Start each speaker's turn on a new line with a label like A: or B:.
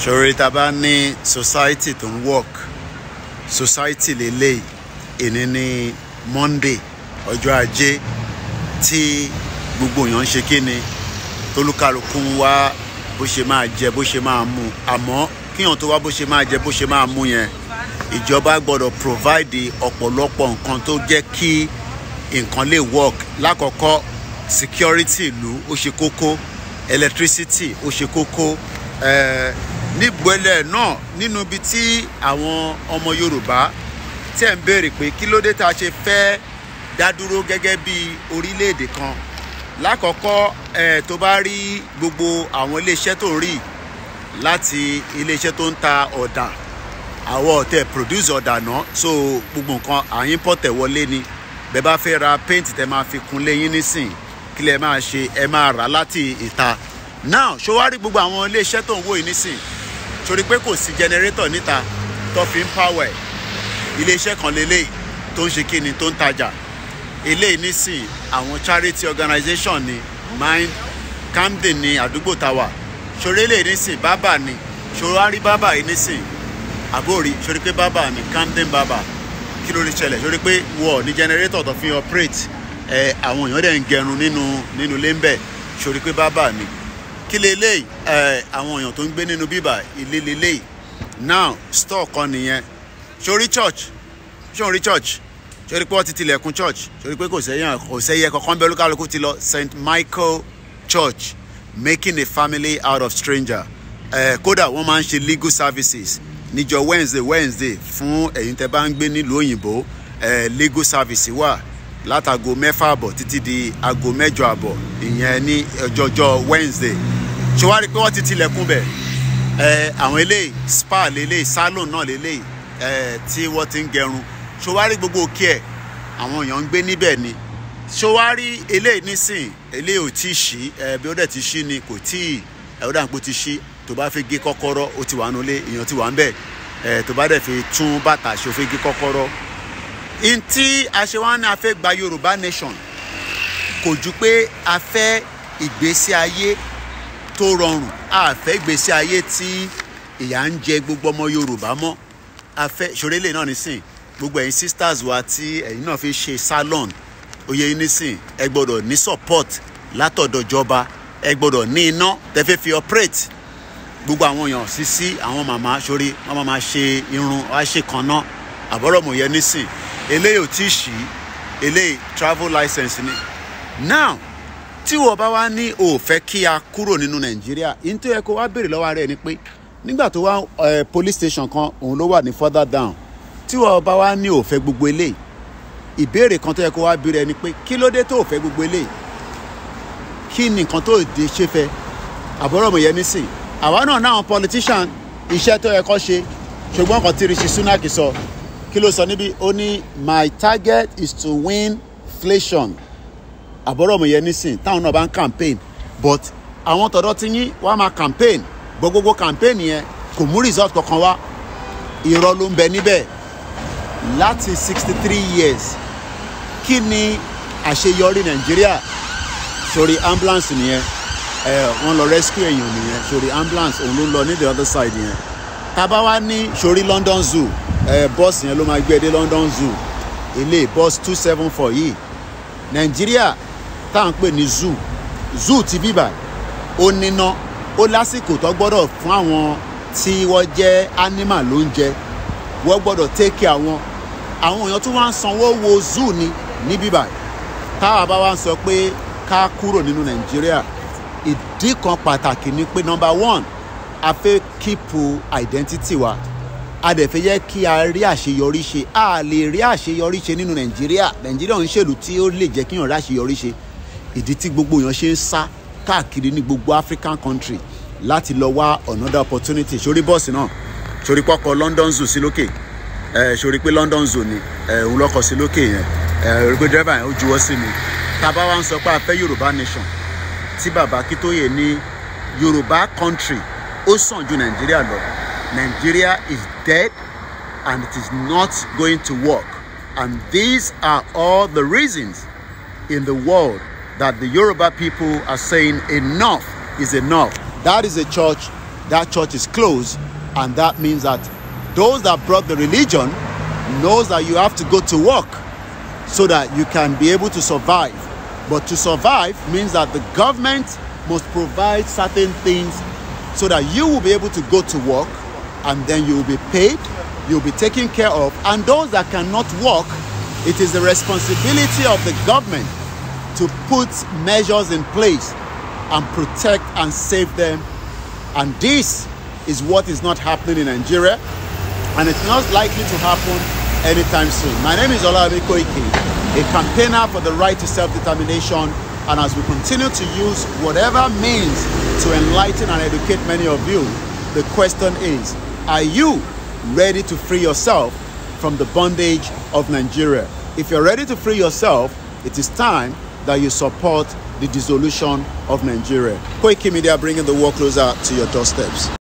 A: sori ta bá ní society tó ń work society lélẹ́yìí èní ní monday ọjọ́ ajé tí gbogbo èèyàn ń ṣe kíni tólúkàlùkù ń wá bó ṣe máa jẹ bó ṣe máa mu àmọ́ kíyàn tó wá bó ṣe máa jẹ bó ṣe máa mu yẹn ìjọba gbọ́dọ̀ provide ọ̀pọ̀lọpọ̀ nǹkan tó jẹ́ kí nǹkan lè work lákọ̀ọ́kọ́ security ìlú ó ṣe kókó electricity ó ṣe kókó ẹ̀ẹ́. Eh, nígbẹ́lẹ̀ náà nínú ibi tí àwọn ọmọ yorùbá tẹ̀ ń béèrè pé kí ló dé tá a ṣe fẹ́ dá gẹ́gẹ́ bí orílẹ̀-èdè kan lákọ̀ọ́kọ́ ẹ̀ eh, tó bá rí gbogbo àwọn iléeṣẹ́ tó ń rí láti iléeṣẹ́ tó ń ta ọ̀dà àwọn ọ̀tẹ̀ produce ọ̀dà náà so gbogbo nǹkan à ń import wọlé ni bẹ́ẹ̀ bá fẹ́ ra paint tẹ́ máa fi kun léyìn nísìn kí lẹ máa ṣe ẹ máa rà láti ìta now ṣó wá rí gbogbo àwọn iléeṣẹ́ tó ń wò yìí nísìn torí pé kò sí jẹnẹrétọ̀ níta tó fi ń pàwẹ̀ iléeṣẹ́ kan lélẹ́yìí tó ń ṣe kí ni tó ń tajà eléyìí nísìn àwọn charity organization ni mind camden ní àdúgbò tàwa ṣoré lè nísìn bábà ni ṣòro á rí bábà yìí nísìn àbórí ṣorí pé bábà ni camden bábà kí ló lè ṣẹlẹ̀ ṣorí pé wọ́ọ̀ ní jẹnẹrétọ̀ tó fi operate àwọn èèyàn dẹ̀ ń gẹrun nínú nínú lẹ́ńbẹ̀ ṣorí pé bábà ni kí leléyìí ẹ àwọn èèyàn tó ń gbé nínú bíbà ilé leléyìí now store kan nìyẹn sórí church sórí church sórí pé wọ́n ti tilẹ̀kùn church sórí pé kò sẹ́yìn kò sẹ́yẹ kankan bẹ́ẹ̀ olúkálukú ti lọ St Michael Church making a family out of stranger ẹ kódà wọ́n máa ń ṣe legal services níjọ́ Wednesday Wednesday fún ẹ̀yin tẹ́ bá ń gbé nílùú òyìnbó legal services wà látago mẹ́fà àbọ̀ títí di aago mẹ́jọ àbọ̀ ìyẹn ní ọjọ́jọ́ Wednesday ṣe wá rí i pé wọ́n ti tilẹ̀kùn bẹ̀ ẹ àwọn eléyìí spa lélẹ́yìí salon náà lélẹ́yìí ẹ tí wọ́n ti ń gẹrun ṣe wá rí gbogbo òkè ẹ̀ àwọn èèyàn ń gbé níbẹ̀ ni ṣe wá rí eléyìí nísìn eléyìí ò tí ì ṣí ẹ bí ó dẹ̀ ti ṣí ni kò tí ì ẹ ó dàgbò ti ṣí tó bá fi gé kọ́kọ́rọ́ ó ti wà nulẹ̀ èèyàn ti wà ń bẹ̀ ẹ tó bá dẹ̀ fi tún bàtà ṣe ó fi gé kọ́kọ́rọ́ ntí aṣèwọ́n náà fẹ́ gba yorùbá nation kò ju pé a fẹ́ ìgbésí ayé tó rọrùn àfẹ́ gbèsè ayé tí ìyà ń jẹ gbogbo ọmọ Yorùbá mọ́ àfẹ́ ṣòrélè náà nísìn gbogbo ẹ̀yin sisters wa tí ẹ̀yin náà fi ṣe salon oyè yín nísìn ẹ gbọ́dọ̀ ní support látọ̀dọ̀ jọba ẹ gbọ́dọ̀ ní iná tẹ́fẹ́ fi operate gbogbo àwọn èèyàn sísí àwọn màmá sórí wọn máa ṣe irun wá ṣe kanná àbọ̀rọ̀mù yẹn nísìn eléyìí ò tí ì ṣí eléyìí travel license ni now tí wọ́n bá wá ní ó fẹ́ kí a kúrò nínú nàìjíríà yìí tó yẹ kó wá béèrè lọ́wọ́ rẹ̀ ni pé nígbà tó wá police station kan òun ló wà ní further down tí wọ́n bá wá ní ó fẹ́ gbogbo eléyìí ìbéèrè kan tó yẹ kó wá béèrè ẹni pé kí ló dé tó ó fẹ́ gbogbo eléyìí kí ni tó dé ṣe fẹ́ àbúrò mi yẹn nísìn àwa náà náà politician iṣẹ́ tó yẹ kó ṣe ṣùgbọ́n kan tí Rishi Sunak sọ kí ló sọ níbi ó ní my target is to win inflation àbọ̀rọ̀mù yẹn nísìn táwọn náà bá ń campaign but àwọn tọ̀dọ̀ ti yín wọ́n á máa campaign gbogbogbò campaign yẹn kò mú result kankan wá irọ́ ló ń bẹ níbẹ̀ láti sixty three years kí ni àṣeyọrí nàìjíríà sórí ambulance nìyẹn ẹ wọ́n lọ rescue èèyàn nìyẹn sórí ambulance òun ló lọ ní the other side yẹn tábà wá ní sórí London Zoo ẹ bọ́ọ̀sì yẹn ló máa gbé dé London Zoo ilé bọ́ọ̀sì two seven four yìí nàìjíríà tá à ń pè ní zoo zoo ti bíbà ó níná ó lásìkò tó gbọ́dọ̀ fún àwọn tí wọ́n jẹ́ animal lóúnjẹ wọ́n gbọ́dọ̀ take care àwọn àwọn èèyàn tún wá ń sanwó wo zoo ni ní bíbà táwa bá wá ń sọ pé ká kúrò nínú nàìjíríà ìdí kan pàtàkì ni pé number one a fẹ́ keep identity wa a dẹ̀ fẹ́ yẹ kí a rí àṣeyọrí ṣe a lè rí àṣeyọrí ṣe nínú nàìjíríà nàìjíríà ń ṣèlú tí ó lè jẹ́ kíyàn rí àṣeyọrí ṣe ìdí tí gbogbo èèyàn ṣe ń sá káàkiri ní gbogbo African country láti lọ wá another opportunity sórí bọ́ọ̀sì náà sórí pọ́kọ London Zoo sí lókè ẹ sórí pé London Zoo ni òun lọ́kọ̀ sí lókè yẹn ẹ pé dírẹ́fà yẹn ó juwọ́ sí mi tábà wá ń sọ pé a fẹ́ Yorùbá nation tí bàbá Akíntóyè ní Yorùbá country ó sàn ju Nàìjíríà lọ Nàìjíríà is dead and it is not going to work and these are all the reasons in the world that the Yoruba people are saying enough is enough. That is a church, that church is closed, and that means that those that brought the religion knows that you have to go to work so that you can be able to survive. But to survive means that the government must provide certain things so that you will be able to go to work and then you will be paid, you'll be taken care of. And those that cannot work, it is the responsibility of the government to put measures in place and protect and save them. And this is what is not happening in Nigeria, and it's not likely to happen anytime soon. My name is Olave Koike, a campaigner for the right to self determination. And as we continue to use whatever means to enlighten and educate many of you, the question is Are you ready to free yourself from the bondage of Nigeria? If you're ready to free yourself, it is time that you support the dissolution of Nigeria. Koiki Media bringing the war closer to your doorsteps.